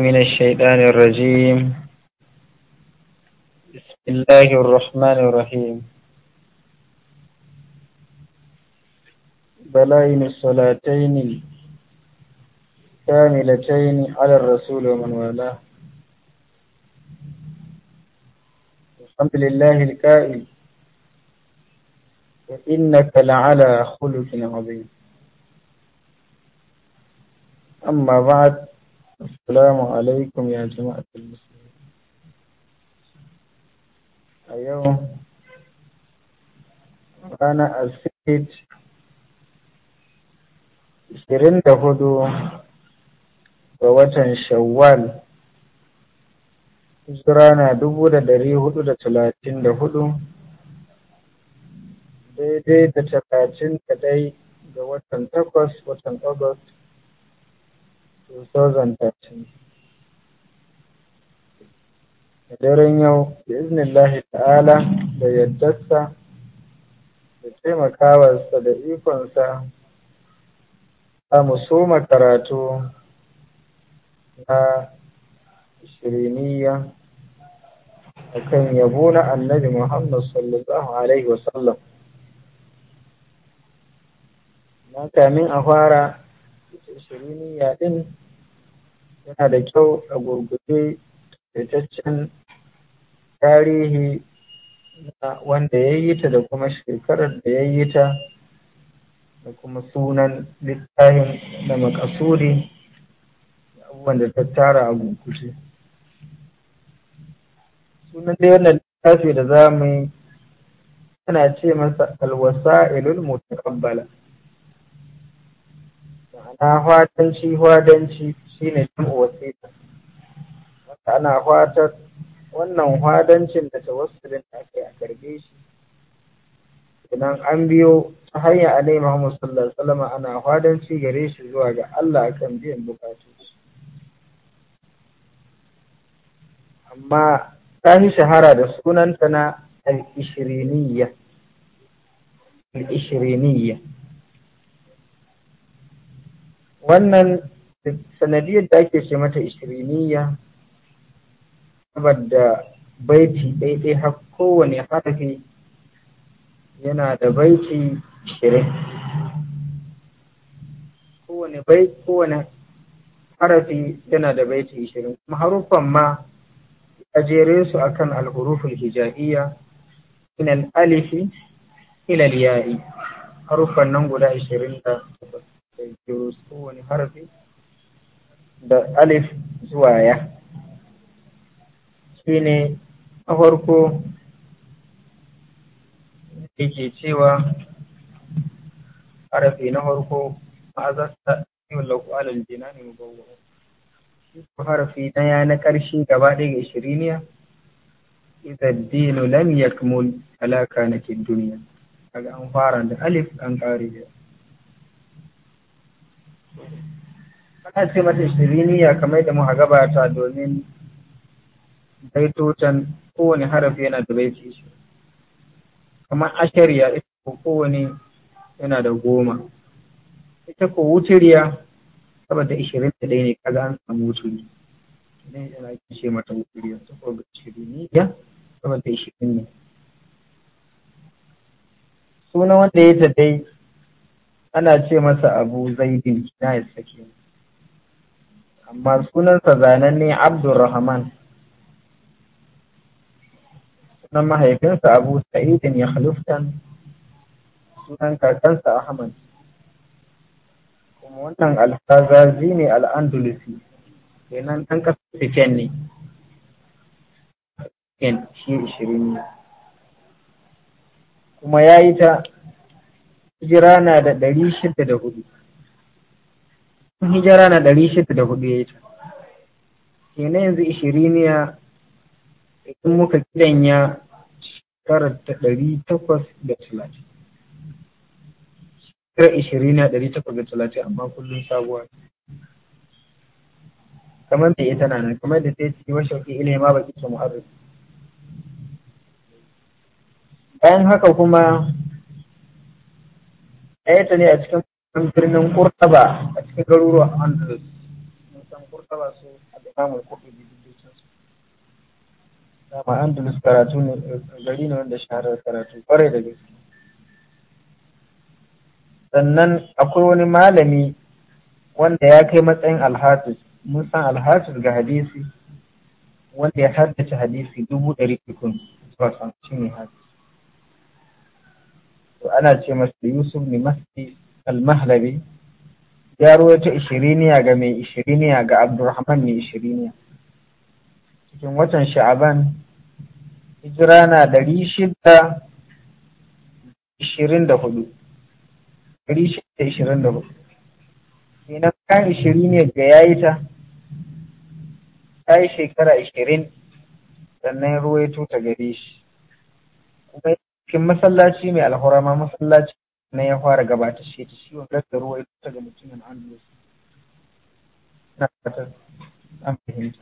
من الشيطان الرجيم بسم الله الرحمن الرحيم بلائن الصلاتين كاملتين على الرسول ومن والاه الحمد لله الكائن وإنك لعلى خلق عظيم أما بعد Assalamu alaikum ya jama'atul musulmi. A yau ranar Asit ishirin da hudu ga watan Shawwal Hijira na dubu da dari hudu da talatin da hudu daidai da talatin da ɗai ga watan takwas watan August 2023. Sosan A daren yau, da lahi ta'ala da yaddarsa da taimakawarsa da ikonsa, za mu makaratu karatu na shiriniya a kan yabo na annabi muhammadu sallallahu Alaihi wasallam. Na kamin a fara shiriniya ɗin yana da kyau a gurguje taƙaitaccen tarihi na wanda ya yi ta da kuma shekarar da ya yi ta da kuma sunan littafin da makasuri da abubuwan da ta tara a gurguje sunan da wannan littafi da za mu yi ana ce masa alwasa alwasa'ilul mutaqabbala ma'ana hwadanci hwadanci shine jam'u wasiqa wanda ana fatar wannan hwadancin da tawassulin da ake a karbe shi idan an biyo ta hanyar alai Muhammadu sallallahu alaihi wasallam ana hwadanci gare shi zuwa ga Allah kan biyan bukatu amma ta yi shahara da sunanta na al-ishriniyya al-ishriniyya wannan sanadiyar da ake ce mata ishiriniya saboda baiti ɗaiɗai har kowane harfi yana da baiti ishirin kowane bai kowane harafi yana da baiti ishirin kuma haruffan ma a jere su akan alhuruful hijaiya inan alifi ilal ya'i haruffan nan guda ishirin da kowane harafi da alif zuwa ya shi ne a farko ke cewa harafi na farko ma'azasta yau lauku alal jinanin mubawwa shi ko harafi na ya na ƙarshe gaba ɗaya shiriniya ita dino الدين لم alaka na ke duniya kaga an fara da alif an da. ana ce mata shiriniya kamar da muka gabata domin tutan. kowane harafi yana da baiti shi kamar ashariya ita ko kowane yana da goma ita ko wuturiya saboda ishirin da ɗaya ne kaga an samu wuturi ne yana ce mata wuturiya ta ko ga shiriniya saboda ishirin ne suna wanda ya dai ana ce masa abu zaidin na ya sake ne amma sunansa zananne Abdulrahman sunan mahaifinsa Abu Sa'idin ya haluftan sunan kakansa Ahmad kuma wannan alfazazi ne al'andalusi kenan ɗan ƙasar Spain ne Spain shi ishirin ne kuma ya yi ta hijira na da ɗari shida da hudu hijira na ɗari shida da hudu ya yi ta kenan yanzu ishiriniya in muka kidanya shekarar ta ɗari takwas da talatin shekarar ishiriniya ɗari takwas da talatin amma kullum sabuwa kamar da ita na nan kamar da ta yi ciki, wa shauƙi ilai ma baki su muharrar bayan haka kuma ta ne a cikin birnin Kurtaba a cikin garuruwa a andalus mun san kurtaba su a imamul Da dukkan su dama andalus karatu ne gari ne wanda shaharar karatu kwarai da gaske sannan akwai wani malami wanda ya kai matsayin alhafiz mun san alhafiz ga hadisi wanda ya haddace hadisi dubu ɗari tukun zuwa san shi ne hadisi ana ce masa yusuf ne masu al-mahlabi ya ruwaito ishiriniya ga mai ishiriniya ga abdurrahman mai ishiriniya cikin watan sha'aban hijira na ɗari shida ishirin da hudu ɗari shida ishirin da hudu kenan kan ishiriniya ga yayi ta ta yi shekara ishirin sannan ruwaito ta gare shi kuma cikin masallaci mai alhurama masallaci na ya fara gabata shi ta ciwon rasa ruwa ita ta ga mutumin andalus na fata an fahimta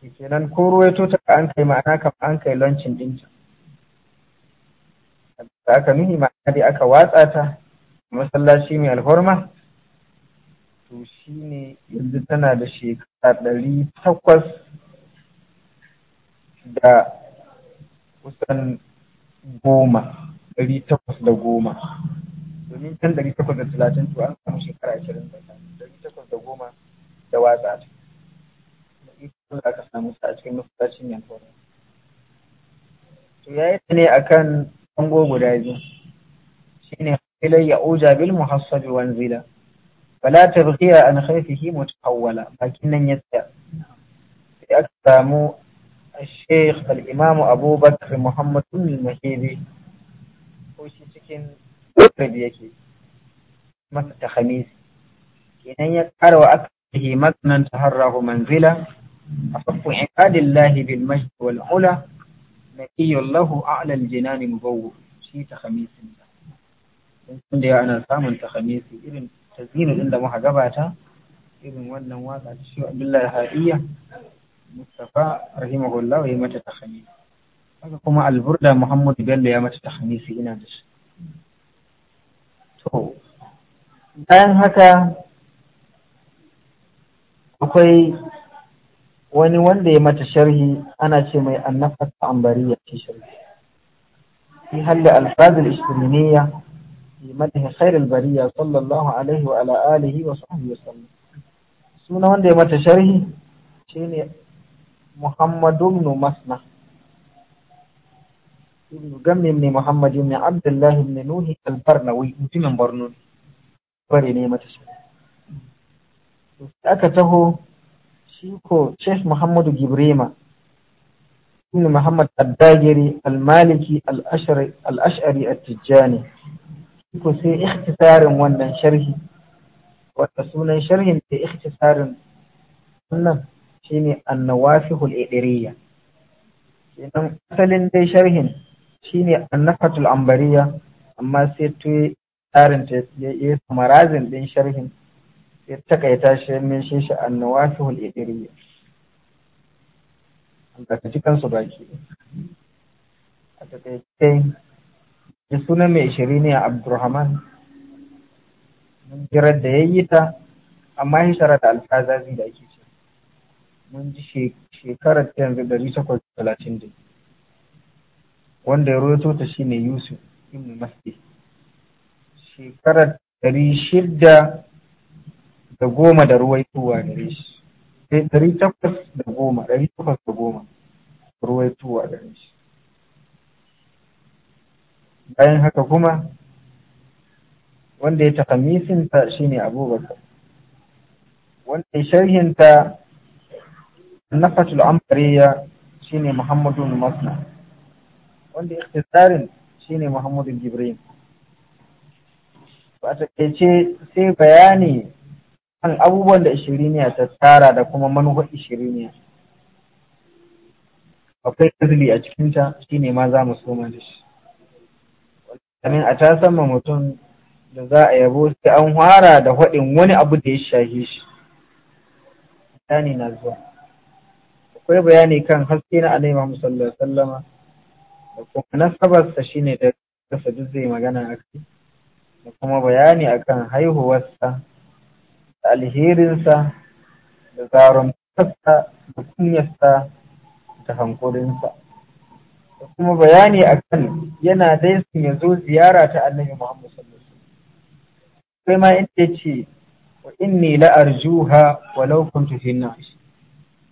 ke kenan ko ruwaito ta an kai ma'ana kama an kai lancin dinta da aka nuhi ma'ana dai aka watsa ta a masallaci mai alhorma to shi ne yanzu tana da shekara ɗari takwas da kusan goma ɗari takwas da goma domin can ɗari takwas da talatin to an samu shekara ashirin da ɗari takwas da goma da watsa da ikon da aka samu sa a cikin masallacin yankunan to ya yi ne kan ango guda biyu Shi ne ilai ya Oja bil muhassabi wanzila fala tabghiya an khayfihi mutahawwala bakin nan ya tsaya sai aka samu الشيخ الإمام أبو بكر محمد بن المهيبي cikin mutane yake masa ta khamisi kenan ya ƙara wa aka yi matsanan taharrahu manzila a fakkun iqadillahi bil majd wal ula naqiyyun lahu a'la al jinani shi ta khamisin da sun da ana samun ta khamisi irin tazini din da muka gabata irin wannan waka ta shi Abdullahi Hadiya Mustafa rahimahullah ya mata ta khamisi haka kuma alburda Muhammadu Bello ya mata ta khamisi ina da shi bayan haka akwai wani wanda ya mata sharhi ana ce mai annafas ambariya ce sharhi fi halli alfazil ishtiriniya fi madhi khairul bariya sallallahu alaihi wa ala alihi wa sahbihi wasallam suna wanda ya mata sharhi shine muhammadu ibn masna gammin ne Muhammadu ne Abdullahi ne Nuhi al-Barnawi mutumin Borno bare ne mata su. Aka taho shi ko Sheikh Muhammadu Gibrima ibn Muhammad Addagiri al-Maliki al-Ash'ari at-Tijjani ko sai ikhtisarin wannan sharhi wata sunan sharhin da ikhtisarin wannan shine annawafihul idriyya kenan asalin dai sharhin shine annafatul ambariya amma sai ta tsarin ta ya yi samarazin ɗin sharhin ya takaita shi ya meshe shi annawafihul idiriya da ka ci kansu baki a takaita yi sunan mai shiri ne abdurrahman mun jirar da ya yi ta amma ya shara da alfazazi da ake ce mun ji shekarar ta yanzu talatin da wanda ya roto ta ne Yusuf ibn Mas'ud shekarar ɗari da goma da ruwaituwa da shi sai eh, ɗari takwas da goma ɗari da goma ruwaituwa da shi bayan haka kuma wanda ya takamisinta ne abubakar wanda ya sharhinta nafatul amfariya ne muhammadu masna wanda ya shi shine Muhammadu Jibril ba ta ce sai bayani kan abubuwan da ishiriniya ta tsara da kuma manuwa ishiriniya akwai kazili a cikinta Shi ne ma za mu ma da shi kamin a ta sama mutum da za a yabo sai an hwara da haɗin wani abu da ya shahe shi bayani na zuwa akwai bayani kan haske na alaihi musallar sallama da kuma nasabarsa shine da kasa duk zai magana a kai da kuma bayani kan haihuwarsa da alherinsa da zaron kasa da kunyarsa da hankulinsa da kuma bayani akan yana dai sun ya zo ziyara ta annabi Muhammad sallallahu alaihi sai ma inda ce wa inni la arjuha walau kuntu fi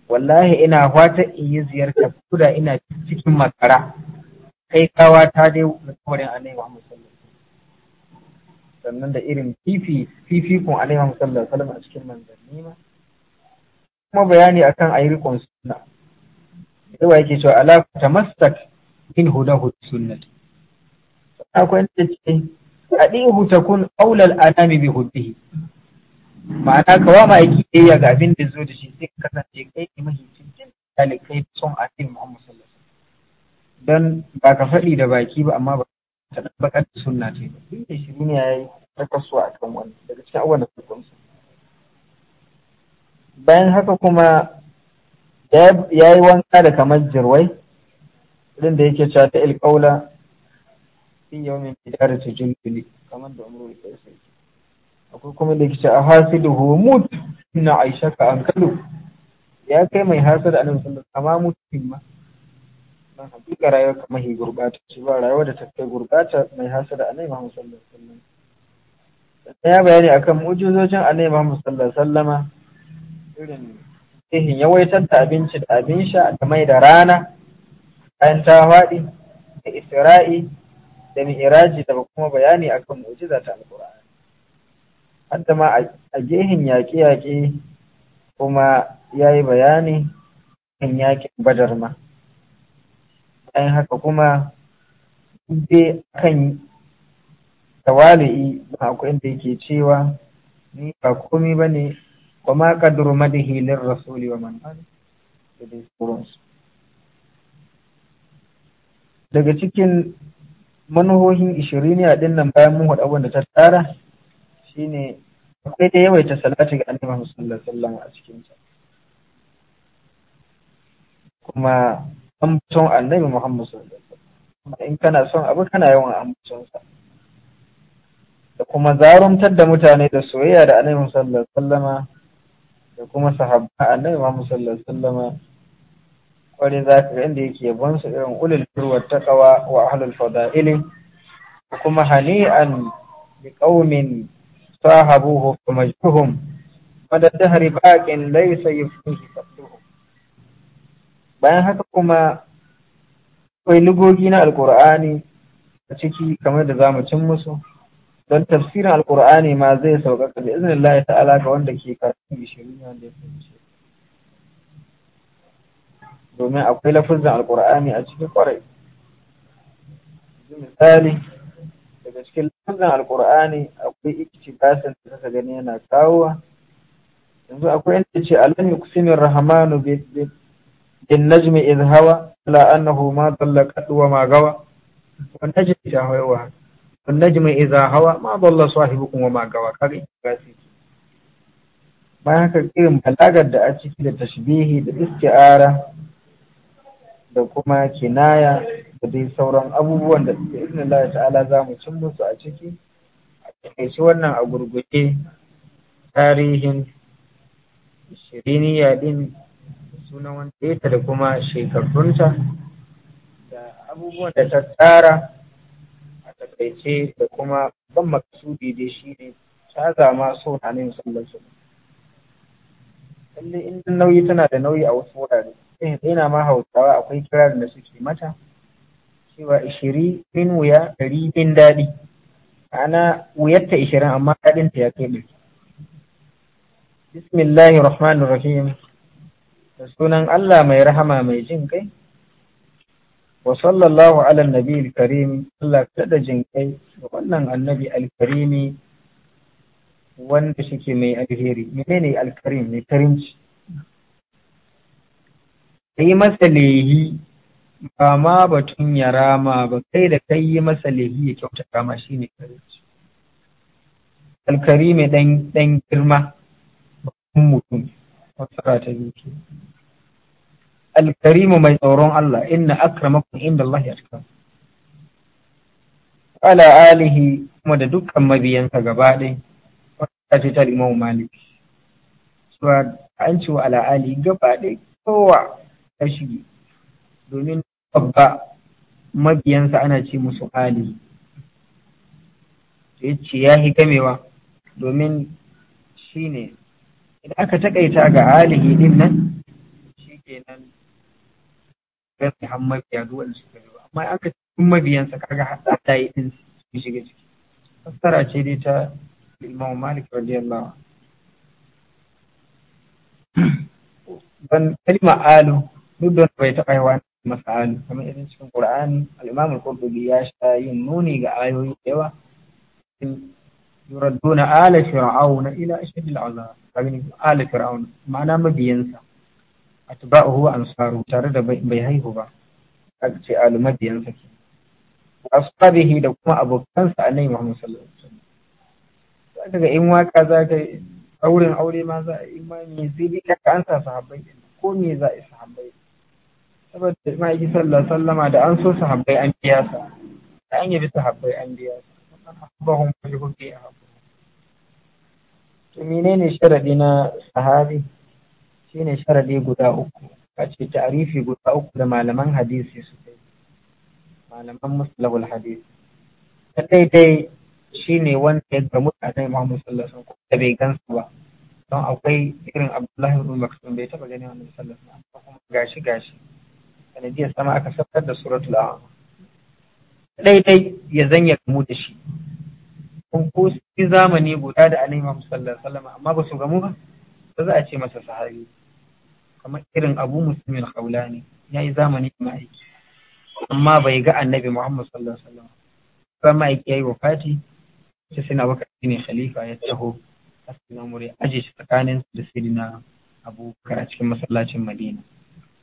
wallahi ina fata in yi ziyarta kuda ina cikin makara kai tsawa ta dai mutumarin alaihi wa sannan da irin fifi fifikun alaihi wa sallam a cikin manzanni ma kuma bayani akan ayi rikon sunna yawa yake cewa ala tamassak in hudahu sunnah akwai da ce adihu takun aulal anami bi hubbihi ma'ana ka wa ma'aiki ɗaya ga abin da zo da shi sai ka kasance kai ne mahimmancin jin talikai son addinin Muhammadu. sallallahu dan ba ka faɗi da baki ba amma ba ta ɗabbaƙar da sunna ce ba. Duk da shirin ya yi takasuwa a kan wani daga cikin abubuwan da suka Bayan haka kuma ya yi wanka da kamar jirwai irin da yake cewa ta ilƙaula fi yau min bidar ta jumbili kamar da umaru da sai akwai kuma da yake cewa da homut na aisha ka ankalu ya kai mai hasada annabi sallallahu alaihi wasallam kama mutum ma dan hakika rayuwar ka mahi gurbata ce ba rayuwa da ta kai gurbata mai hasada annabi Muhammad sallallahu alaihi wasallam ya bayani akan mu'jizojin annabi Muhammad sallallahu alaihi wasallama irin ya yawaitar da abinci da abin sha da mai da rana kayan ta da isra'i da mi'iraji da kuma bayani akan mu'jiza ta alqur'ani hadda ma a gehin yaƙe-yaƙe kuma ya yi bayani kan yaƙin badar ma ɗan haka kuma dai kan tawali'i ba akwai inda yake cewa ni ba komi ba ne kuma ma kaduru rasuli wa man da dai sauransu daga cikin manuhohin ishiriniya din nan bayan mun haɗa wanda da ta tsara shine akwai da yawaita salati ga annabi sallallahu alaihi wasallam a cikin ta. kuma an son annabi Muhammad sallallahu alaihi in kana son abu kana yawan ambaton sa da kuma zaruntar da mutane da soyayya da annabi sallallahu alaihi wasallama da kuma sahabba annabi Muhammad sallallahu alaihi wasallama kware za ka inda yake yabon su irin ulul furwa taqwa wa ahlul fada'ili da kuma hani'an liqaumin sahabuhu fa majtuhum madad dahri baqin laysa yufnihi fatuhu bayan haka kuma akwai lugogi na alkur'ani a ciki kamar da za mu cin musu don tafsirin alkur'ani ma zai sauƙaƙa da izinin Allah ta'ala ga wanda ke karatun ishirin wanda ya fahimci domin akwai lafazin alkur'ani a cikin kwarai misali daga cikin lafazin alkur'ani akwai ikici basin da kaka gani yana kawowa yanzu akwai yadda ce alam yuqsimir rahmanu bi in najmi in hawa la annahu ma dalla qad wa ma gawa wa najmi ta hawa wa najmi idha hawa ma dalla sahibukum wa ma gawa kare gasi bayan haka irin balagar da a ciki da tashbihi da isti'ara da kuma kinaya da dai sauran abubuwan da da izinin Allah ta'ala za mu cin musu a ciki a taƙaice wannan a gurguje tarihin ya yadin suna wanda ta da kuma shekarunta da abubuwan da ta tsara a takaice da kuma ban makasudi da shi ne ta zama so na ne musamman su lalle in nauyi tana da nauyi a wasu wurare sai tsina ma hausawa akwai kirar da suke mata cewa ishiri bin wuya ɗari bin daɗi ana wuyarta ishirin amma daɗinta ya kai bismillahir rahmanir rahim da sunan Allah mai rahama mai jin kai wa sallallahu ala nabi al-karim Allah kada jin kai ga wannan annabi al-karimi wanda shike mai alheri menene al-karim mai karimci kai masa lehi ba ma batun ya rama ba kai da kai yi masa lehi ya kyautata ma ne karimci al-karimi ɗan girma babban mutum fassara ta alkarimu mai tsoron Allah inna akramakum inda Allah ya cika ala alihi kuma da dukkan mabiyansa gaba ɗaya wata ce ta limau malik suwa an ci wa ala alihi gaba ɗaya kowa ta shige domin babba mabiyansa ana ce musu alihi ya ce ya hi gamewa domin shi ne idan aka takaita ga alihi din nan shikenan ga Muhammad ya duwa suka yi amma aka cikin mabiyansa kaga hada da yi din su shiga ciki fassara ce dai ta Imam Malik radiyallahu ban kalma alu duk da bai taɓa yi wani masalu kamar irin cikin Qur'ani al-Imam al-Qurtubi ya sha yin nuni ga ayoyi da yawa yuradduna ala fir'auna ila ashadil azab kamin ala fir'auna ma'ana mabiyansa atba'uhu ansaru tare da bai haihu ba aka ce alu mabiyansa ke ashabihi da kuma abokansa annabi Muhammad sallallahu alaihi wasallam zaka ga in waka zaka auren aure ma za a imani sai dai ka an sa sahabbai ko me za a yi sahabbai saboda ma'aiki sallallahu alaihi wasallama da an so sahabbai an biya sa da an yabi sahabbai an biya sa ahbahum fa yuhdi ahbahum to menene sharadi na sahabi shine sharadi guda uku kace ta'rifi guda uku da malaman hadisi su kai malaman mustalahul hadisi na daidai shine wanda ya gamu da Annabi Muhammad sallallahu alaihi wasallam da bai gansa ba don akwai irin Abdullahi ibn Maktum bai taba ganin Annabi sallallahu alaihi wasallam kuma gashi gashi sanadiyar sama aka sabtar da suratul a'raf daidai ya zanya gamu da shi kun ko zamani guda da alaihi sallallahu alaihi amma ba su gamu ba ba za a ce masa sahabi kamar irin abu muslimin haula ne ya yi zamani da ma'aiki amma bai ga annabi muhammad sallallahu alaihi wasallam ba ma'aiki ya yi wafati sai na baka ne khalifa ya taho a na amuri aje shi tsakanin da sirina abubakar a cikin masallacin madina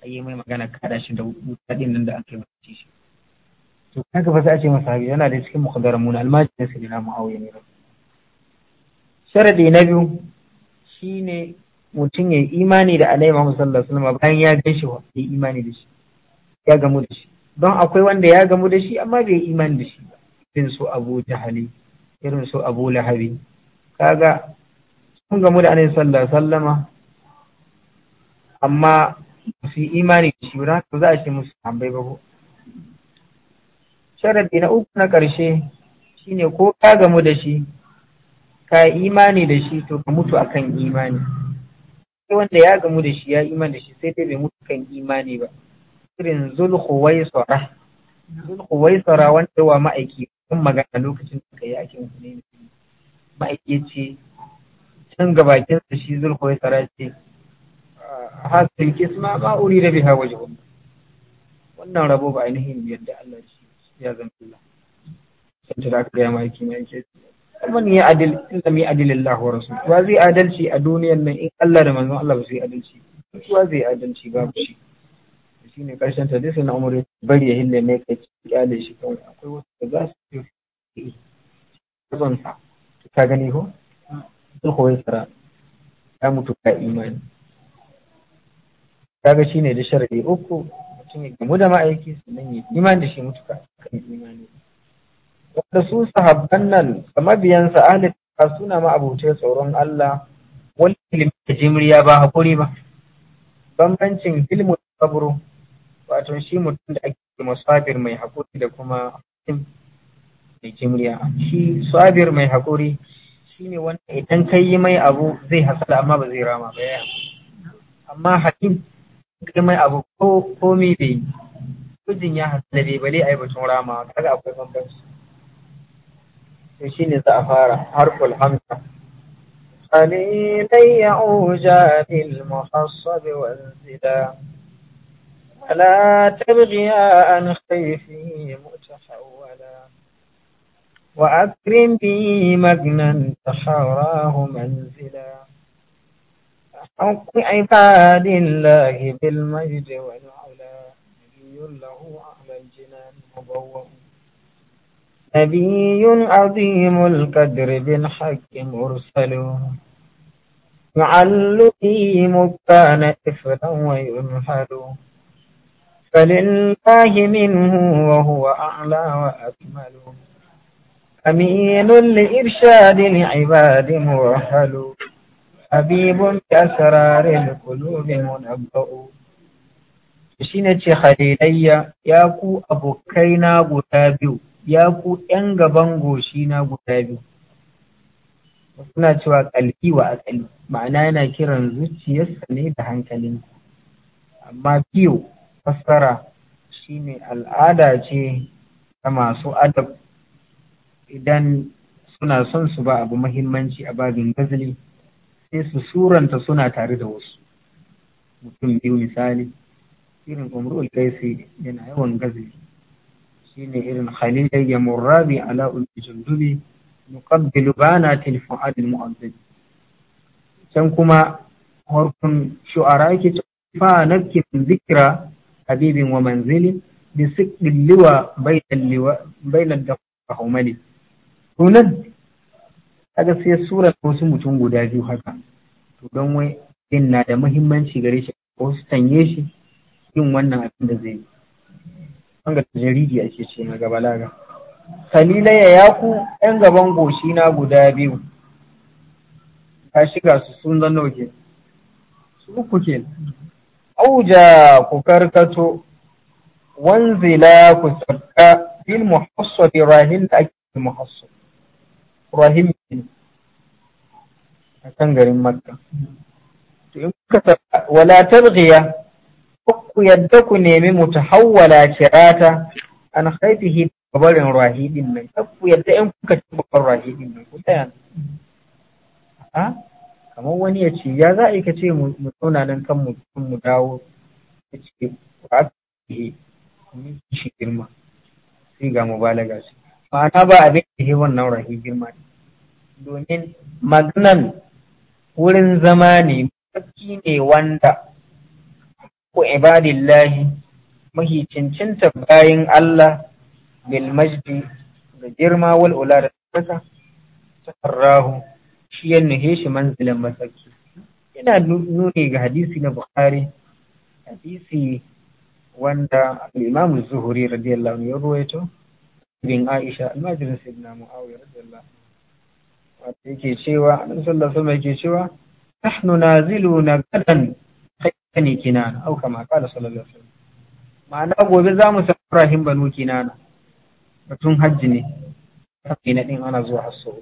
a yi mai magana kada shi da wuta nan da aka yi shi to haka fa sai ce masa sahabi yana da cikin sai almajirin sayyidina muawiya ne sharadi na biyu shine mutum ya yi imani da annabi Muhammad sallallahu alaihi wasallam bayan ya gashi wa ya yi imani da shi ya gamu da shi don akwai wanda ya gamu da shi amma bai yi imani da shi irin su Abu Jahali irin su Abu Lahabi kaga sun gamu da annabi sallallahu alaihi wasallama amma su yi imani da shi ba za a ce musu tambayi ba ko sharadi na uku na ƙarshe shine ko ka gamu da shi ka imani da shi to ka mutu akan imani sai wanda ya gamu da shi ya imani da shi sai dai bai mutu kan imani ba irin zulhuwaisara zulhuwaisara wanda wa ma'aiki kun magana lokacin da kai yakin ne ma'aiki ya ce can gabakin sa shi zulhuwaisara ce hasil kisma ma urida biha wajhum wannan rabo ba ainihin yadda Allah ce gaskiya zan Sun sai da aka gaya maki mai yake Wani ya adil in lam ya adil Allah wa rasu. wa zai adalci a duniyar nan in Allah da manzon Allah ba su yi adalci wa zai adalci babu shi ne karshen ta dai na umar bari ya hille mai kai kyale shi kawai akwai wasu da za su yi zan sa ka gani ko sun koyi sara ya mutu ka imani kaga ne da sharadi uku mutum ya gamu da ma'aiki sannan ya iman da shi mutuka wanda su sahabban nan da mabiyansa ahli ta suna ma abuce tsoron Allah wani ilimi da jimriya ba hakuri ba bambancin ilmu da sabro wato shi mutum da ake musafir mai hakuri da kuma mai jimriya shi sabir mai hakuri shine wanda idan kai yi mai abu zai hasala amma ba zai rama ba amma hakim kai mai abu ko komi bai yi mijin ya hasala bai bale yi batun rama kaga akwai bambanci شيني ne حرف a fara harful hamza قليلا والزلا ولا تبغيا أن خيفه متحولا وأكرم به مجنا تحراه منزلا حق عباد الله بالمجد والعلا نبي له أهل الجنان مبوم نبي عظيم القدر بالحق مرسل يعل فيه مكان إفرا وينحل فلله منه وهو أعلى وأكمل أمين لإرشاد العباد مرحل حبيب كأسرار القلوب منبأ shine ce ياكو أبو كينا abokaina ya ku ‘yan gaban goshi na guda biyu suna cewa kalbi wa akali ma'ana yana kiran zuciyarsa ne da hankalin amma biyu fassara shine al'ada ce ta masu adab idan suna son su ba abu mahimmanci a babin gazali sai su suranta suna tare da wasu mutum biyu misali irin umrul kaisi yana yawan gazali shine irin khalilai ya murrabi ala ulfi jundubi nuqabbilu bana tilfu'ad almu'azzib can kuma harkun shu'ara yake fa nakki zikra habibin wa manzili bi siqqil liwa bainal liwa da daqahumali tunan kaga sai sura wasu mutum guda biyu haka to don wai yin na da muhimmanci gare shi ko su tanye shi yin wannan abin da zai yi wanga jaridi ake ce na gaba laga ya yaku yan gaban goshi na guda biyu ka shiga su sun zan nauke su uku ke auja ku karkato wanzila ku sabka bil muhassari rahim da ake muhassar rahim a kan garin makka to in kuka wala tabghiya ku yadda ku nemi mu tahawwala kirata an khaifihi barin rahidin nan ku yadda in kuka ci babar rahidin nan ku tsaya a kamar wani ya ce ya za a yi ka ce mu zauna nan kan mu dawo ya ce ba a fi shi girma sai ga mubalaga su ma'ana ba abin da ya wannan rahi girma ne domin maganan wurin zama ne mafi ne wanda ku ibadillahi mahi cincinta bayin Allah bil majdi da girma wal ula da tsaka tafarrahu shi ya nuhe shi manzilin masaki yana nuni ga hadisi na bukhari hadisi wanda al-imam zuhuri radiyallahu anhu ya ruwaito bin aisha almajirin sayyidina muawiya radiyallahu anhu wato yake cewa annabi sallallahu alaihi wasallam yake cewa nahnu naziluna gadan sai kina kinana au kama kala sallallahu alaihi wasallam ma'ana gobe za mu san Ibrahim banu kinana batun hajji ne kai na din ana zuwa hasso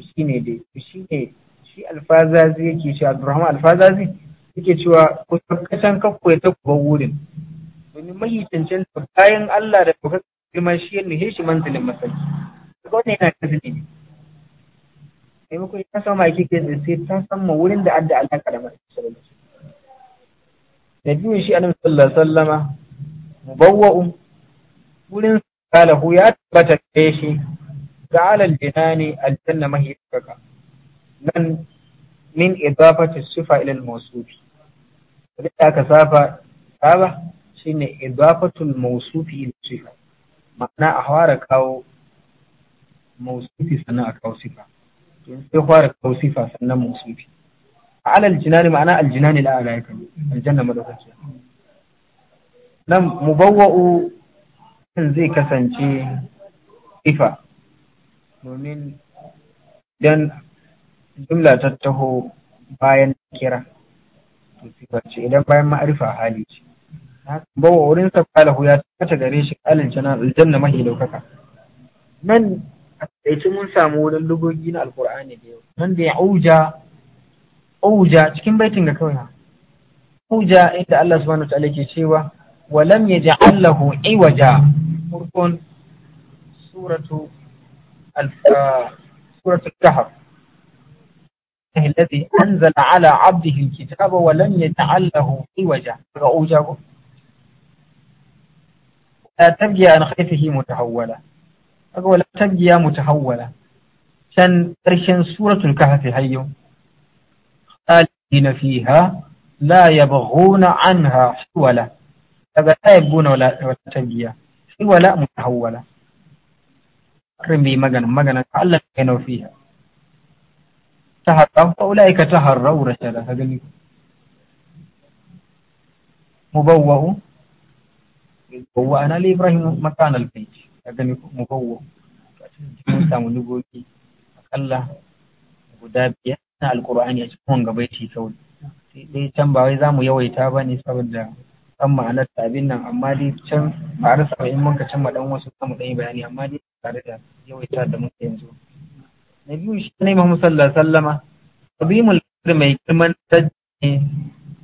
shi ne dai shi ne shi alfazazi yake shi Ibrahim alfazazi yake cewa ku tabbatan kanku ya ta wurin domin mai cancanta bayan Allah da kuka girman shi ya heshi shi manzilin masal ko ne yana kasance ne maimakon ya sama kike zai sai ta san ma wurin da adda ka da masu sallallahu nabiyu shi annabi sallallahu alaihi wasallama mubawwa'un wurin kalahu ya tabbata kai shi ta'ala al-jinani aljanna mahi tsaka nan min idafati sifa ila al-mawsuf da aka safa saba shine idafatul mawsufi ila sifa ma'ana a fara kawo mawsufi sannan a kawo sifa sai fara kawo sifa sannan mawsufi ala aljinani ma'ana aljinani la ala yake aljanna madaukakiya nan mubawwa'u zai kasance ifa domin idan jumla ta taho bayan kira ce idan bayan ma'arifa hali ce bawa wurin sa kalahu ya tabbata gare shi kalin jana aljanna mahi daukaka nan a mun samu wurin lugogi na alkur'ani da yau nan da ya auja uja cikin baitin ga kawai uja inda Allah subhanahu wa ta'ala ke cewa wa lam yaj'al lahu iwaja farkon suratu al suratu kahf الذي أنزل على عبده الكتاب ولم يجعل له عوجا أوجا لا تبقي عن خيفه متحولة أقول لا تبقي متحولة كان قرشن سورة الكهف هيو الذين فيها لا يبغون عنها حولا هذا لا يبغون ولا تبيا حولا متهولا أكرم بي مغنى مغنى تعلم كانوا فيها تهرب فأولئك تهروا رسالة هذا مبوه هو أنا لإبراهيم مكان البيت هذا مبوه mun samu lugoki akalla guda na alkur'ani a cikin gaba ce kawai dai can ba wai za mu yawaita ba ne saboda san ma'anar abin nan amma dai can ba a rasa in muka can dan wasu za mu ɗan yi bayani amma dai tare da yawaita da muka yanzu na biyu shi ne Muhammad sallallahu sallama azimul fir mai girman tajji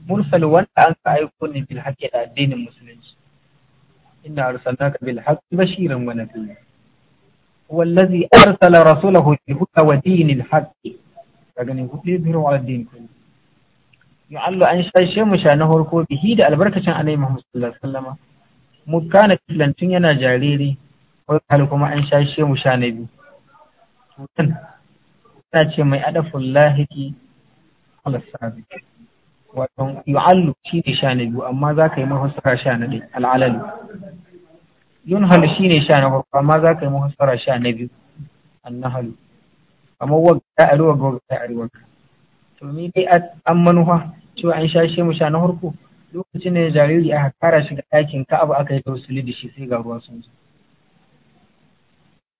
mursal wanda an ka aiko ne bil haƙƙi da addinin musulunci inna arsalnaka bil haqqi bashiran wa nadhira wallazi arsala rasulahu bil huda wa dinil haqqi ganin kuɗi, ku yuzhiru ala din ya Allah an shaishe mu sha na harko bihi da albarkacin annabi Muhammad sallallahu alaihi wasallama mu kana tun yana jariri wai hal kuma an shaishe mu sha na biyu ta ce mai adafin lahiki ala sabi wato yu'allu shi ne sha na biyu amma za ka yi mafassara sha na ɗaya al'alalu yun hal shi ne sha na farko amma za ka yi mafassara sha na biyu annahalu kamar wanka ta ari ga wagga ari to ni dai an manufa cewa an sha mu sha na farko lokacin da jariri aka kara shi ga ka abu aka yi tausuli da shi sai ga ruwan sun zo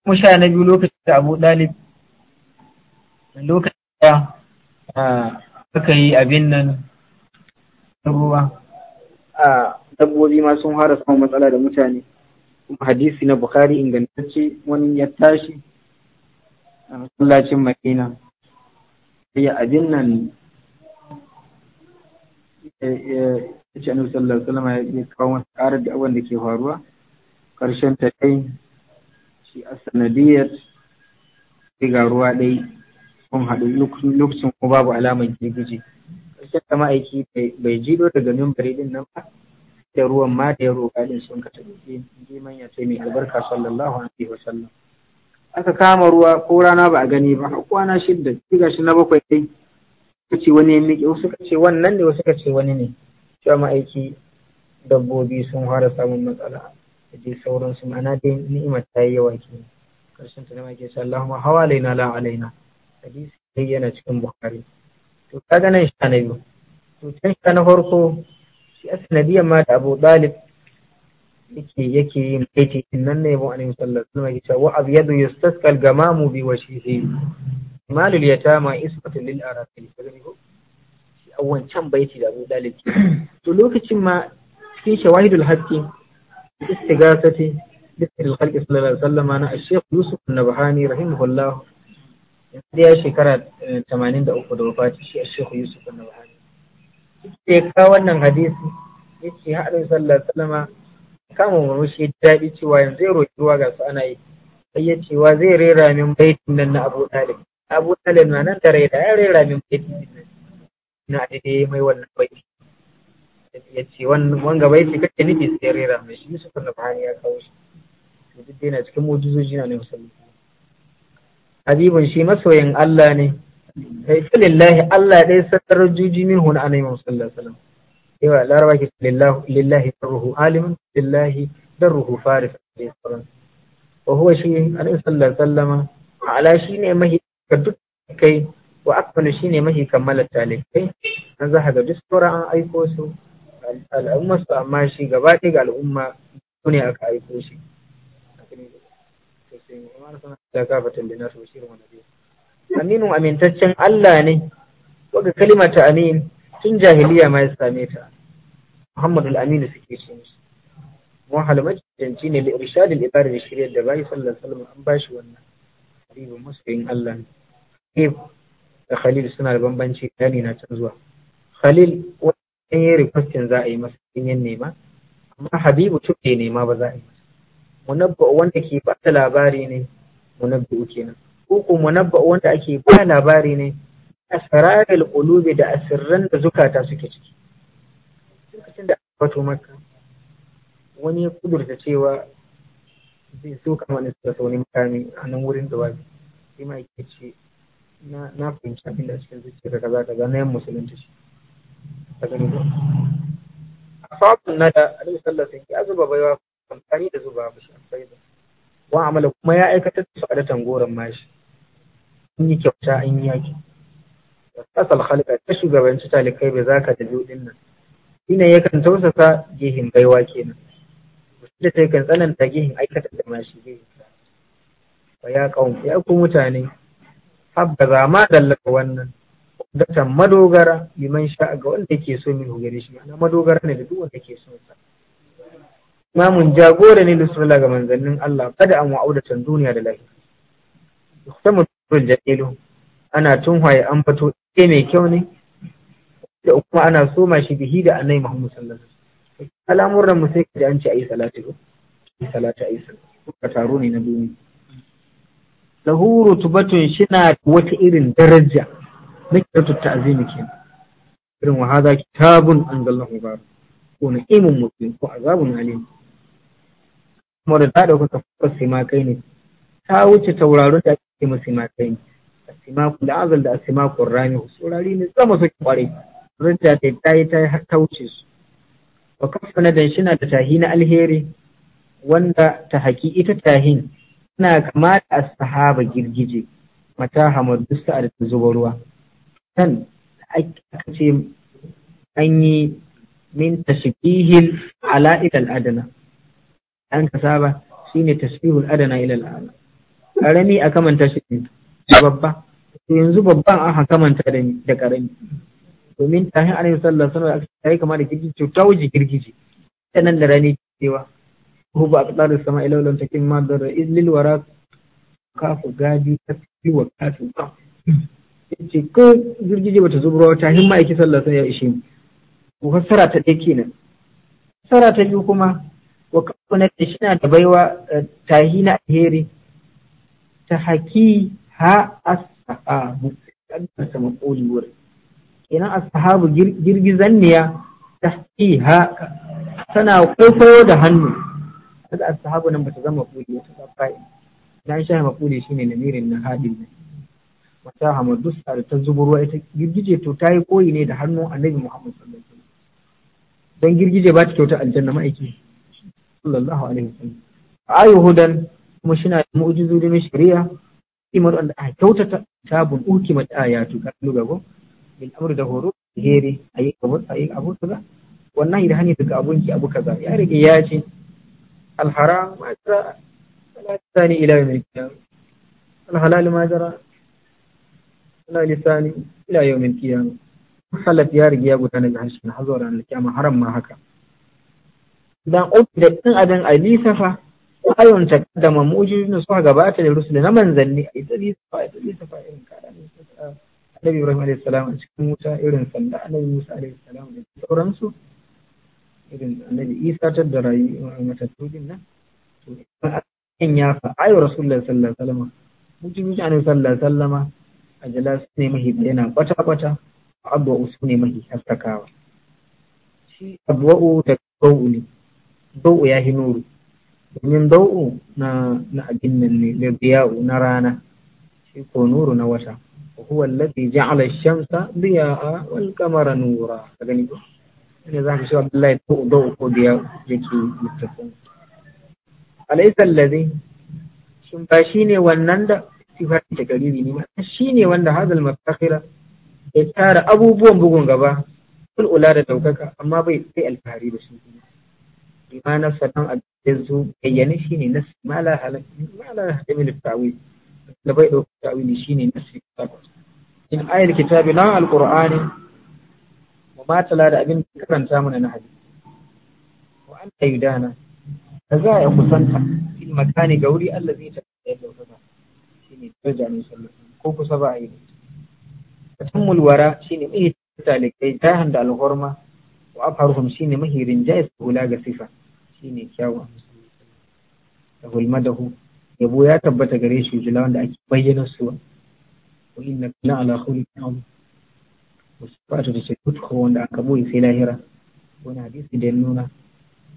mu sha na biyu lokacin da abu ɗalib lokacin da aka yi abin nan ruwa a dabbobi ma sun fara samun matsala da mutane kuma hadisi na bukari ingantacce wani ya tashi a masallacin madina ya abin nan eh, eh, ya ce annabi sallallahu alaihi wasallam ya kawo masa karar da abin da ke faruwa karshen ta kai shi a sanadiyar ga ruwa dai kun haɗu lokacin ko babu alamar girgije karshen ta ma'aiki bai jido daga mimbari din nan ba da ruwan ma da ya roƙa din sun ka tafi manya ta yi mai albarka sallallahu alaihi wasallam aka kama ruwa ko rana ba a gani ba har kwana shidda diga shi na bakwai dai ka ce wani ya miƙe wasu ka ce wannan ne wasu ka ce wani ne cewa ma'aiki dabbobi sun fara samun matsala da dai sauransu ma'ana dai ni'imar ta yi yawa ke karshen ta nama ke ma hawa laina la alaina hadisi dai yana cikin bukari. to kaga nan sha na biyu to can sha na farko shi asanadiyan ma da Abu Dalib yake yake yin aiki nan ne mu alaihi sallallahu alaihi wasallam wa abyadu gamamu bi wajhihi malul yatama lil arafil ko baiti da Abu Dalib to lokacin ma cikin shawahidul haqqi istighasati bisbil khalqi sallallahu alaihi wasallam na Sheikh Yusuf Nabhani rahimahullah ya shekara 83 eh, da wafati shi Yusuf Nabhani wannan hadisi yace sallallahu alaihi wasallam Kama murmushi ya daɗi cewa yanzu ya roƙi ruwa ga su ana yi. Sai ya ce wa zai rera min baitin nan na Abu Talib. Abu Talib na nan tare da ya rera min baitin nan. na na dai mai wannan baiti. Ya ce wanga baiti kake nufi sai rera mai shi Yusuf na Buhari ya kawo shi. To duk dai na cikin mujizoji na ne musulmi. Habibun shi masoyin Allah ne. sai lillahi Allah ɗaya sanar juji min hun annabi sallallahu alaihi wasallam. yawa laraba ke lillahi darruhu alimin lillahi darruhu faris da sauran wa huwa shi alaihi sallallahu sallama ala shi ne mahi ga duk kai wa akmalu shi ne mahi kammala talibai an za ga duk sauran an aiko su al'umma su amma shi gaba ɗaya ga al'umma su ne aka aiko shi aminu amintaccen Allah ne wadda kalimata amin tun jahiliya ma ya same ta Muhammadu al-Aminu suke ce musu mu janci ne da al ibada da shirya da bai sallallahu alaihi an bashi wannan habibin masoyin Allah ne da Khalil suna da bambanci dani na can zuwa Khalil wannan yi requestin za a yi masa in yan nema amma Habibu tuke nema ba za a yi masa munabba wanda ke ba labari ne munabba kenan ko ko munabba wanda ake ba labari ne asrarul qulubi da asirran da zukata suke ciki lokacin da wato Makka, wani ya kudurta cewa zai so ne da suka sauni a nan wurin da wani sai ma yake ce na fahimci abin da cikin zuciyar kaza kaza na yan musulunci shi a gani ba a fafin na da alaihi sallallahu alaihi ya zuba baiwa amfani da zuba ba shi amfani da wa amala kuma ya aikatar da su a datan goron mashi in yi kyauta in yi yaki asal halka ta shugabanci talikai bai zaka da biyu din nan yakan tausasa gihin baiwa kenan da ta kan tsananta gihin aikata da shi gihin fa ya qaum ya ku mutane habbaza ma dallaka wannan datan madogara liman sha ga wanda yake so min gare shi ana madogara ne da duk wanda yake so sa imamun jagora ne da sunna ga manzannin Allah kada an wa wa'audatan duniya da lahira yuhtamu jamilu ana tunhaye an fito ke mai kyau ne da kuma ana soma shi bihi da annai Muhammad sallallahu alaihi wasallam nan mu sai ka ji an ce ayi salati ko ayi salati ayi salati ka taro ne na duniya lahu rutubatun shina wata irin daraja na kiratu ta'zimi kenan irin wa hadha kitabun Angalahu. bar ko na imun mutum ko azabun alim kuma da ta dauka kafar simakai ne ta wuce tauraron da ake masu kai ne asimaku da azal da rami, saurari ne sama suke kwarai zuciya ta ta yi ta har ta wuce su wa kafa na dan shina da tahi na alheri wanda ta haki ita tahin tana kama da sahaba girgije mata hamadu a da zuba ruwa san aka ce an yi min tashbihil ala ilal adana an ka saba shine tashbihul adana ilal karami a kamanta shi babba yanzu babban an hakamanta da da karami domin tahin annabi sallallahu alaihi wasallam aka yi kama da girgije ta wuce girgije nan da rani cewa ko ba ta sama ila lam takin ma da izlil wara ku gadi tasbi wa ka ce ko girgije bata zubura ta himma yake sallallahu alaihi ya ishe mu fassara ta dai kenan fassara ta biyu kuma wa kafu shi na da baiwa eh, tahina alheri ta haki ha as sa'a musaddata maquli wurin kenan ashabu girgizanniya tahtiha tana kwaikwayo da hannu kada ashabu nan bata zama ba ta tsafai dan shi maquli shine namirin na hadin wata hamadusa da ta zubo ruwa ita girgije to ta yi koyi ne da hannu annabi muhammad sallallahu alaihi wasallam dan girgije ba ta kyauta aljanna ma'aiki sallallahu alaihi wasallam ayu hudan kuma shina da mu'jizu da shari'a imar wanda aka kyautata uki ukimat ayatu kan lura go bil amru da horo heri ayi abu ayi abu daga wannan idan hani daga abunki abu kaza ya rige ya ce al haram ma jara ala lisani ila yawmil qiyam al halal ma jara ala lisani ila yawmil qiyam halaf ya rige ya gudana da harshen hazo ran al qiyam haram ma haka dan uki da din adan alisafa ayon ta da mamujin da suka gabata da rusul na manzanni a ita ne fa ita ne irin kada ne annabi Ibrahim alayhi salam a cikin wuta irin sanda annabi Musa alayhi salam da sauransu irin annabi Isa ta da rayuwar matattu din nan to in ya fa ayo rasulullahi sallallahu alaihi wasallam mujin annabi sallallahu alaihi wasallam a su ne mahi yana kwata kwata abuwa su ne mahi haskakawa shi abuwa da gauli gau ya hi nuru domin dau'u na na abin nan ne na biya'u na rana shi ko nuru na wata huwa alladhi ja'ala ash-shamsa diya'a wal qamara nura ka gani ko ne za ka ce Abdullahi dau'u dau'u ko biya'u yake mutafin alaysa alladhi shin ba ne wannan da sifar da gariri ne ma ne wanda hadal mutakhira ya tara abubuwan bugun gaba kul ula da daukaka amma bai sai alfahari da shi. su bima nafsa dan Yanzu bayyane shi ne nasi ma la halin ma la jamil ta'wil da bai dauka ta'wili shi ne nasi in ayar kitabi na alqur'ani wa ma tala da abin karanta mana na hadisi wa an tayyidana da za a kusanta fil makani ga wuri Allah zai tafi da dauka shi ne daraja ne sallallahu ko kusa ba a yi tammul wara shine mai talikai ta handa alhorma wa afharuhum shine mahirin jais ula ga sifa shi ne kyawu da hulma da hu yabo ya tabbata gare shi jula wanda ake bayyana su, wa inna kana ala khuluqin azim musafatu da shekut ko wanda aka boye sai lahira wani hadisi da nuna nuna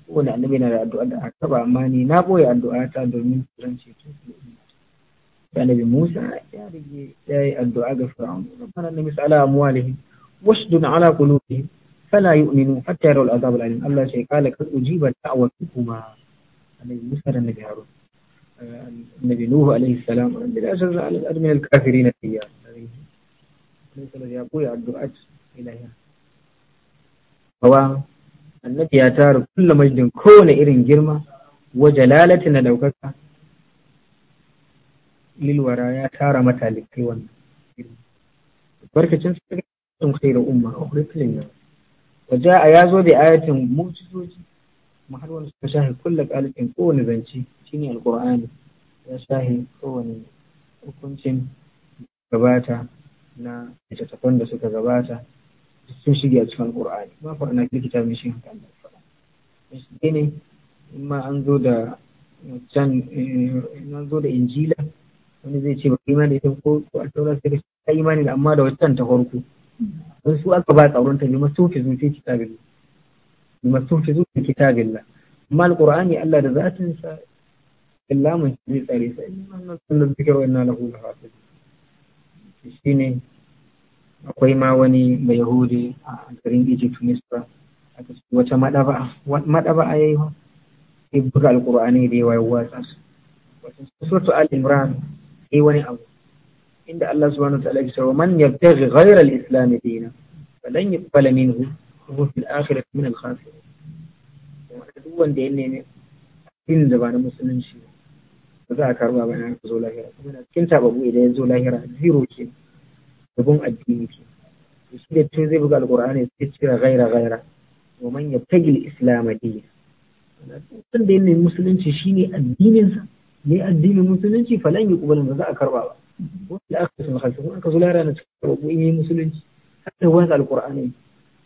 kowane annabi na da addu'a da aka ba amma ni na boye addu'a ta domin ran ceto da annabi Musa ya rige ya yi addu'a ga Fir'aun rabbana nabi sala amwalihim wasdun ala qulubihim fala yu'minu hatta yarawul azab al-alim Allah sai kala kad ujiba da'watukuma alayhi musa da nabi harun annabi nuhu alayhi salam annabi da azza al admin al kafirin fiya alayhi salam ya koyi addu'at ilahiya hawa annabi ya tara kullu majdin kowane irin girma wa na da daukaka lilwara ya tara mata likai wannan umma waja ya zo da ayatin mu'jizoji kuma har suka shahe kulla kalifin kowane zance shine alqur'ani ya shahi kowane hukuncin gabata na littattafan da suka gabata sun shige a cikin alqur'ani ba fa ana kirkita mai shi hakan da fara shi ne in ma an zo da can an injila wani zai ce ba imani da ita ko alƙawar sai ka imani da amma da wancan ta farko don su aka ba tsaron ta lima sofi zuci kitabillah lima sofi zuci kitabillah amma alqur'ani Allah da zatin sa illa mun zai tsare sa inna da bika wa inna lahu lahafiz ne? akwai ma wani mai yahudi a garin Egypt Misra aka ce wata madaba madaba yayi sai buga alqur'ani da yawa ya watsa su wato suratu al-imran sai wani abu inda Allah subhanahu wa ta'ala ya ce man yabtaghi ghayra al-islam dinan falan yuqbal minhu wa fil akhirati min al-khasirin duk wanda ya nemi din da ba na musulunci ba za a karba ba yana zo lahira kuma na cikin tababu idan ya zo lahira zero ke dubun addini ke shi da tun zai buga alqur'ani sai cira ghayra ghayra wa man yabtaghi al-islam dinan tun da ya nemi musulunci shine addininsa ne addinin musulunci falan yuqbala ba za a karba ba wanda aka sun halta aka zo lahira na cikin in yi musulunci har da wani alkur'ani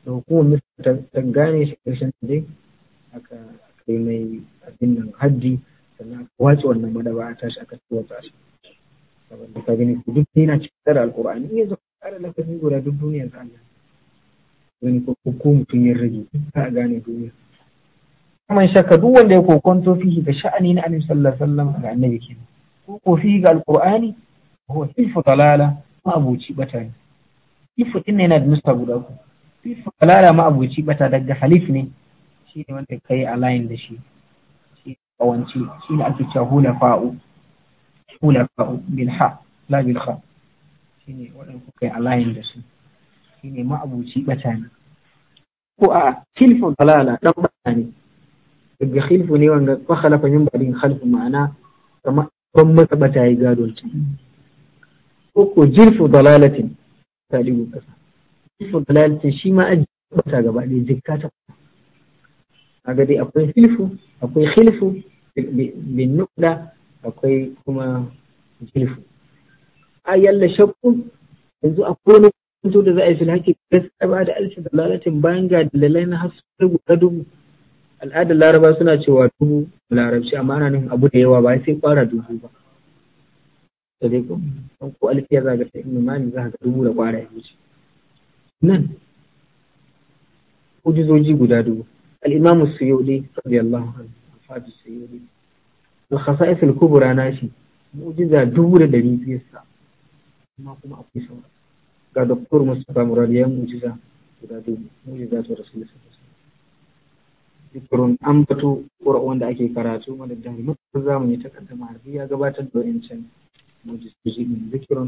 da hukumar misali ta gane shi karshen dai aka kai mai abin nan hajji sannan aka wace wannan madaba a tashi aka tuwata shi saboda ka gani ku duk yana cikin tsara alkur'ani in yanzu tsara lafazin guda duk duniyar da Allah wani ko mutum ya rage ka gane duniya man shakka duk wanda ya kokonto fihi ga sha'ani na annabi sallallahu alaihi wasallam ga annabi kenan ko ko fihi ga alqur'ani wa ifu dalala ma bata ne ifu din yana da nusta guda uku ifu dalala ma bata daga halif ne shi ne wanda kai align da shi shi kawanci shi ne ake cewa hulafa'u hulafa'u bil ha la bil kha shi ne waɗanda kuka yi align da su shi ne ma bata ne ko a khilfu dalala dan bata ne daga ne wanda ko khalafa min ba'din khilfu ma'ana kamar ban masa bata yi gado ko jirfu dalalatin talibu kasa jirfu dalalatin shi ma an bata gaba ɗaya jikata. ta kaga dai akwai hilfu akwai hilfu bin nukda akwai kuma jilfu a yalla shakku yanzu akwai wani kwanto da za a yi filhaki gaskiya ba da alfi dalalatin bayan ga dalilai na hasu guda dubu al'adar laraba suna cewa dubu larabci amma ana nufin abu da yawa ba sai kwara dubu ba gare ku don ko alif ya zaga ta ibn malik za ka dubu da kwara ya wuce nan ujizoji guda dubu al-imam as-suyudi radiyallahu anhu al-fadi suyudi al-khasa'is al-kubra nashi mu'jiza dubu da dari biyar sa amma kuma akwai sauran ga doktor mustafa muradiyan mu'jiza guda dubu mu'jiza ta rasul zikrun an fito da ake karatu wanda da mutum zamani ta kaddama ya gabatar da wa'ancan مجزئين ذكرا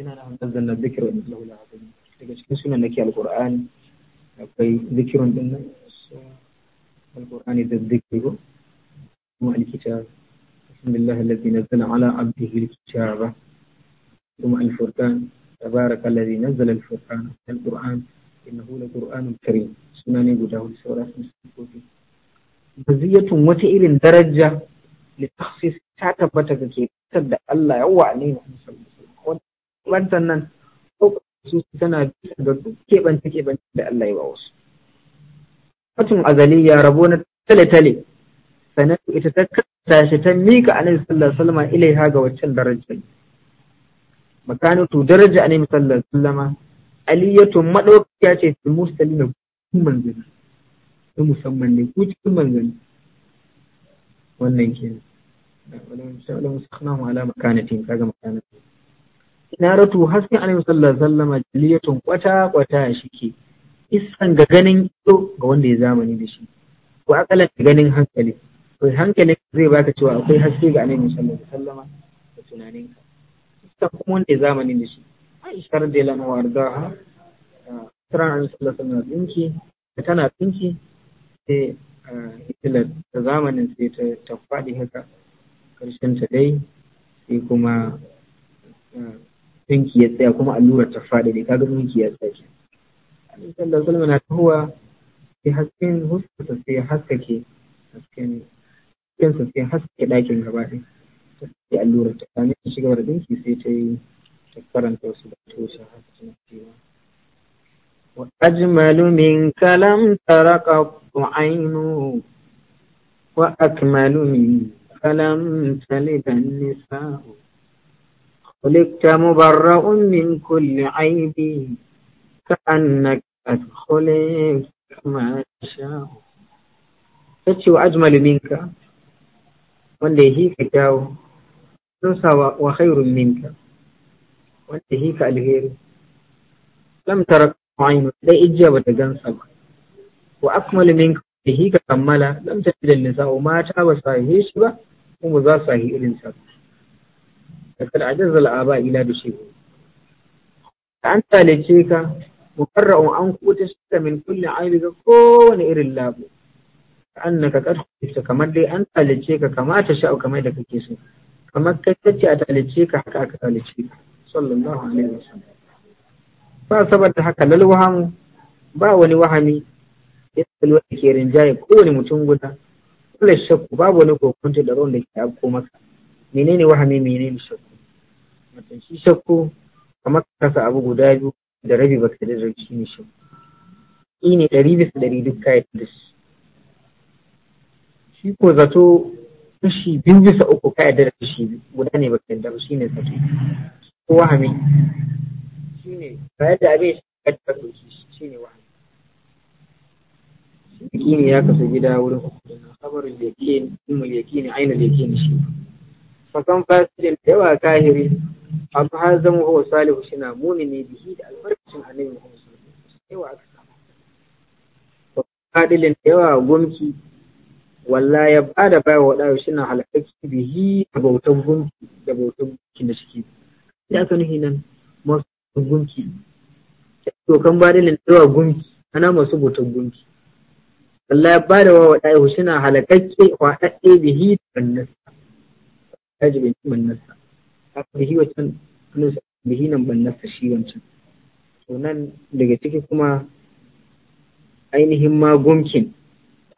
إن أنا أنزلنا ذكرا له العظيم لكي نسينا أنك يا القرآن أكي ذكرا إن القرآن ذا الذكر ثم الكتاب بسم الله الذي نزل على عبده الكتاب ثم الفرقان تبارك الذي نزل الفرقان القرآن إنه لقرآن كريم سنان أبو داود سورة مسلم مزية وتئل درجة littafi ta tabbata ga ke da Allah ya yawa ne wata nan su tana da duk keɓance keɓance da Allah ya wa wasu. Fatin azali ya rabu na tale-tale sannan ita ta kasa shi ta mika a nai sallar salama ilaiha ga waccan darajar. Makanatu daraja a nai sallar salama aliyatu maɗaukakiya ce su musalli na musamman ne ku cikin manzanni. wannan ke wala musakhnahu ala makanatin kaga makanatin naratu hasken alayhi sallallahu alaihi wasallam jaliyatun kwata kwata ke iskan ga ganin ido ga wanda ya zamani da shi ko da ganin hankali to hankali zai baka cewa akwai haske ga alayhi sallallahu alaihi wasallam da tunaninka iskan kuma wanda ya zamani da shi Aisha radiyallahu anha warda ah, tara a sallallahu alaihi wasallam dinki tana dinki sai eh, Hitler ta zamanin sai ta faɗi haka ƙarshen ta dai sai kuma tunki ya tsaya kuma allurar ta faɗi dai kaga tunki ya tsaya Annabi sallallahu alaihi wasallam na sai hasken huska sai haskake hasken hasken sai haskake ɗakin gaba ɗaya sai allurar ta kame ta shiga dinki sai ta yi ta karanta wasu da toshe haske na cewa وأجمل منك لم تر قط عين وأكمل فلم تلد النساء خلقت مبرأ من كل عيب كأنك خلقت كما تشاء تشي وأجمل منك ولهيك جاو تنسى وخير منك ولهيك الغير لم ترك عين لا إجابة جنسك wa akmalu min bihi ka kammala lam tajid nisa mata ba sahihe shi ba kuma za su sahi irin sa a ajaz al aba ila da shi an talace ka mukarra'un an kuta shida min kulli aibi ga kowane irin labu. Ka annaka qad khifta kamar dai an talace ka kamata sha'u kamar da kake so kamar kai kace a talace ka haka aka talace ka sallallahu alaihi wasallam ba saboda haka lalwahamu ba wani wahami hankali wanda ke rinjaye kowane mutum guda kula shakku babu wani kokonto da ruwan da ke afko ne menene wahami menene shakku mutum shi shakku kamar kasa abu guda biyu da rabi baka da shi ne shakku shi ne ɗari bisa ɗari duk kayan da shi shi ko zato shi biyu bisa uku kayan da shi guda ne baka da ba shine zato ko wahami ne ba da abin shi ka shi wahami yakin ya kasu gida wurin uku khabarul yaqin ilmul da ainul yaqin shi fasan fasirin da yawa kahiri abu zama huwa salihu shi na muni bihi da albarkacin da Muhammad sallallahu alaihi wasallam yawa aka samu da yawa gumki walla ya ba da bai wa shi shina halakaki bihi da bautan gumki da bautan gumki na shi ya aka nuhi nan masu gumki to kan da yawa gumki ana masu bautan gumki Allah ya bada wa wa ɗaya suna halakakke kwaɗaɗɗe bihi bannasa tajibin bannasa haka bihi wancan bihi nan bannasa shi wancan to nan daga ciki kuma ainihin ma gumkin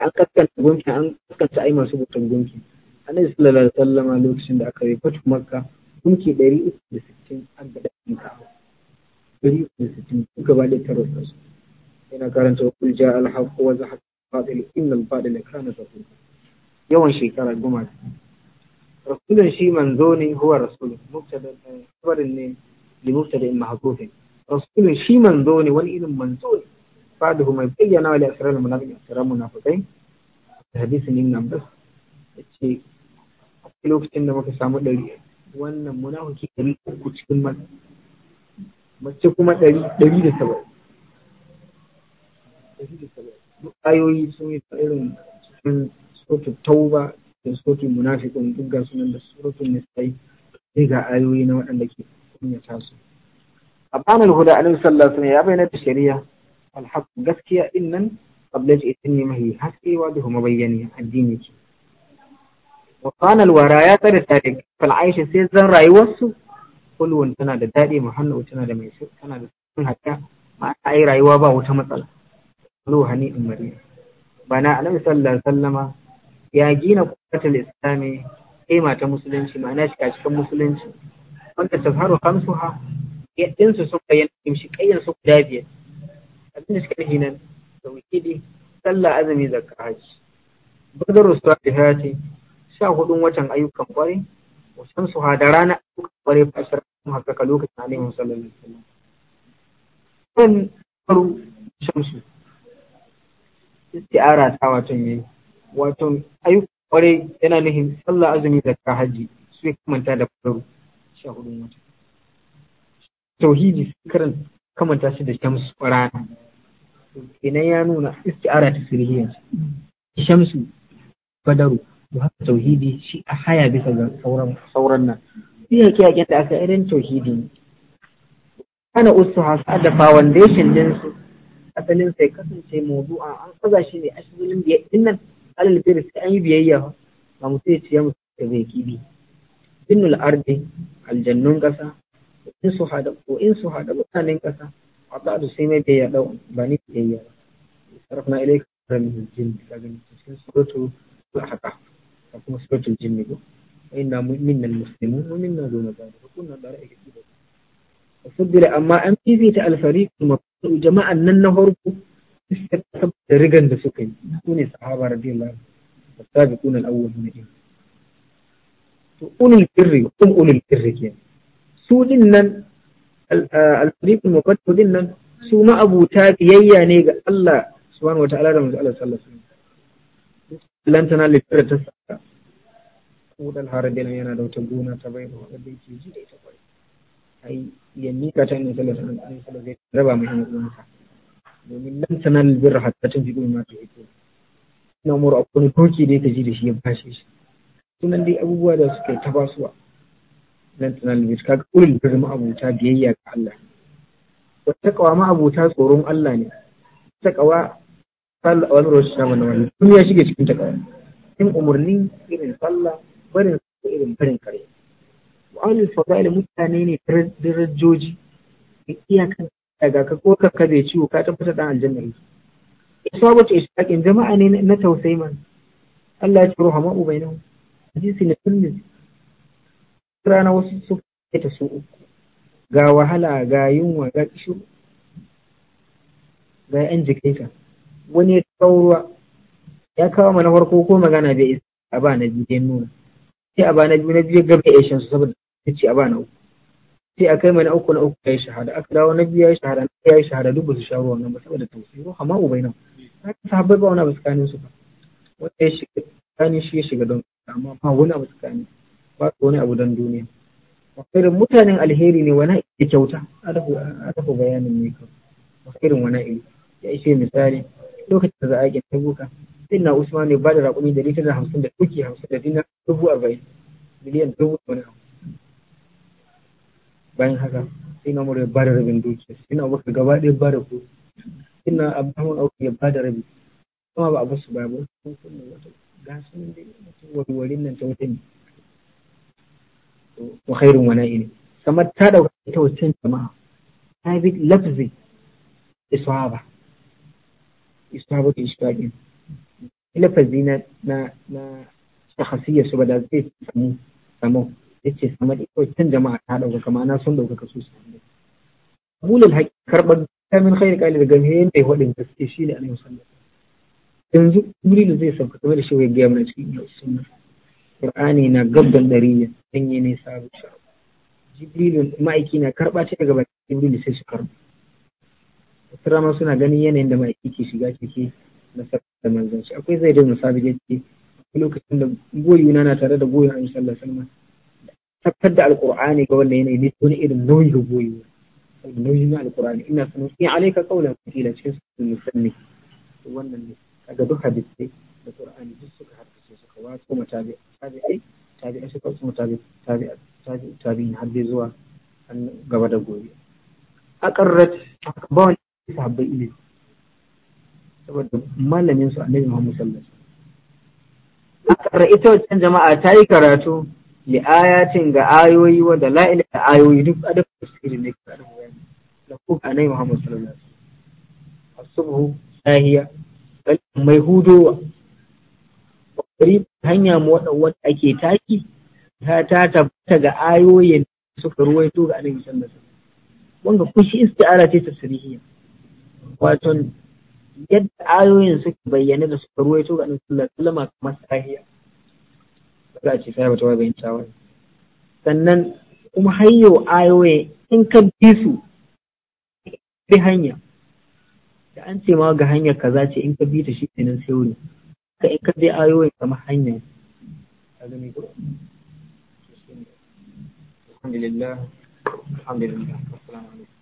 an kaskanta gumkin an kaskanta ai masu bautar gumkin annabi sallallahu alaihi sallama lokacin da aka yi fatu makka gumki ɗari uku da sittin an ga ɗakin kawo ɗari uku da sittin duka ba da tarar su yana karanta wa kulja alhaƙo wa zahaq fadil innal fadil kana zakur yawan shekara goma rasulun shi manzo ne huwa rasul mubtada eh, khabarin ne li mubtada in mahzufin rasulun shi manzo ne wani irin manzo ne fadahu mai bayyana wa asirar munafiqin asirar munafiqai da hadisin ibn abbas yace a lokacin da muka samu ɗari wannan munafiki ɗari uku cikin mace kuma ɗari da saba'in duk ayoyi sun yi irin cikin suratul tauba da suratul munafiqun duk ga sunan da suratul nisa'i sai ga ayoyi na waɗanda ke kunyata su abana huda, alaihi sallallahu alaihi ya bayyana da shari'a alhaq gaskiya innan qablat itni mahi haske wa da kuma bayyani addini ce wa kana ya tsare tare fal aisha sai zan rayuwarsu kulwun tana da daɗi muhannu tana da mai tana da sun hakka ma ai rayuwa ba wata matsala ruhani هنيء مريء bana annabi sallallahu alaihi wasallama ya gina kwatar islami kema ta musulunci ma'ana shi cikin musulunci wanda tazharu khamsuha yadin su sun bayyana kimshi kayyan su guda biyar abin da suka yi nan da wikidi sallah azumi zakka haji badaru salihati sha hudun watan ayyukan kware wasan su ha da rana ayyukan kware fa ashar haka lokacin alaihi wasallam kan faru shamsu isti'ara ta watan yayi wato ayyuka kwarai yana nuhin sallah azumi ka haji su ya kamanta da faru sha hudu wata tauhidi karan kamanta shi da shamsu rana kenan ya nuna isti'ara ta sirriya shamsu badaru to haka tauhidi shi a haya bisa ga sauran sauran nan iya kiyaye da aka irin tauhidi ana usuha da foundation din su asalin sai kasance mawdu'an an kaza shi ne asalin biyayya nan alal biyar sai an yi biyayya ba mu sai ciye mu da zai kibi innul ardi aljannun kasa in su hada ko in su hada mutanen kasa a ba'du sai mai biyayya dau ba ni biyayya sarfna ilayka min jinn kaga cikin suratul al-haqqa kuma suratul ba ko inna minna muslimun wa minna duna zalika kunna dara'ika fudila amma an fifita kuma. jama'an nan na farko da rigan da suka yi su ne sahaba radiyallahu da kunan al na din to ulul birri kun ulul birri ke su din nan al-fariq muqaddas din nan su ma abuta biyayya ne ga Allah subhanahu wata'ala da manzo Allah sallallahu alaihi wasallam lan tana litira ta saka kudal yana da wata gona ta bai da wanda yake ji da ita kwai ai ya mika ta ne sallallahu alaihi wasallam zai raba mai yan uwansa domin nan sanan albirra hatta tun fi gumi mata yake ina umar akwai doki da yake ji da shi ya bashe shi sunan dai abubuwa da suka ta basuwa nan sanan albirra kaga ulul birri ma'abuta biyayya ga Allah wata kawa ma'abuta tsoron Allah ne ta kawa sallah wani roshi ta mana wani duniya shige cikin ta kawa in umarni irin sallah barin irin barin kare ahlul fadail mutane ne darajoji da iyakan daga ka ko ka kabe ciwo ka tabbata dan aljanna ne isabatu ishaqin jama'a ne na tausayi man Allah ya tsoro hama ubainahu hadisi ne sunni rana wasu su ta su uku ga wahala ga yunwa ga kishu ga yan jikinka wani ya kawo ya kawo mana farko ko magana bai isa a ba na biyu nuna sai a ba na biyu na biyu gaba ya shan su saboda ya ce a ba na uku sai a kai mai na uku na uku ya yi shahada aka dawo na biyu ya yi shahada na ya yi shahada duk ba su sha nan ba saboda tausayi ruwa amma ubai nan na ka sahabbai ba wani abu tsakanin su ba wanda ya shiga tsakanin shi ya shiga don amma ba wani abu tsakanin ba wani abu don duniya irin mutanen alheri ne wani ya kyauta A tafi bayanin ne kan irin wani iri ya ishe misali lokacin da za a yi tabuka sai na usman ne ba da raƙumi da litar hamsin da kuki hamsin da dina dubu arba'in miliyan dubu wani abu bayan haka sai na umar ya bada rabin dukiya ina ba abubakar gaba ɗaya bada ku ina na abubakar ya bada rabi kuma ba a basu ba ba sun kuma wata gasun da warwarin nan ta wata ne ko khairun wani ne kamar ta ɗauka ita wancan jama'a ta bi lafzi isaba isaba ta ishaqin lafazi na na na shakhsiyya su ba da zai samu samu yace samari ikon can jama'a ta ɗaukaka ma'ana sun ɗaukaka su ne bulul haƙi karɓar kamin min khairi ƙali me mai mai waɗin gaske shi ne alayhi wasallam yanzu jibril zai sauka kamar da shi ya gaya mana cikin yau sunna qur'ani na gabban dariya yi ne sabu sha jibril ma'aiki na karɓa ce daga baki jibril sai su karɓa wasu ma suna ganin yanayin da ma'aiki ke shiga ciki na sabon da manzanci akwai zai da musabir yake lokacin da goyuna na tare da goyon annabi sallallahu alaihi wasallam sabtar da alqur'ani ga wannan yanayi ne wani irin nauyi rubuyi nauyi na alqur'ani ina sanu in alayka qawlan qila cikin sunan musanni wannan ne kaga duk hadisai da qur'ani duk suka haddace suka wato mutabi tabi'i tabi'i suka wato mutabi tabi'i tabi'i tabi har dai zuwa gaba da gobe akarrat ba wani sahabbai ilimi saboda malamin su annabi Muhammad sallallahu alaihi wasallam ita wancan jama'a ta yi karatu li ayatin ga ayoyi wa da la'ila da ayoyi duk su tafsiri ne ka da bayani da ku ga nai Muhammad sallallahu alaihi wasallam asubhu sahiya bal mai hudowa qari hanya mu wanda ake taki ta ta tabbata ga ayoyin suka ruwaito ga annabi sallallahu alaihi wasallam wanda kushi isti'ara ce tasrihiyya wato yadda ayoyin suka bayyana da suka ruwaito ga annabi sallallahu alaihi wasallam kamar sahiya matsala ce sai mutum bai yanta wani sannan kuma hanyo ayoyi in ka bi su bi hanya da an ce ma ga hanya kaza ce in ka bi ta shi ne nan sai wuri ka in ka bi ayoyin kama hanya alhamdulillah alhamdulillah assalamu alaikum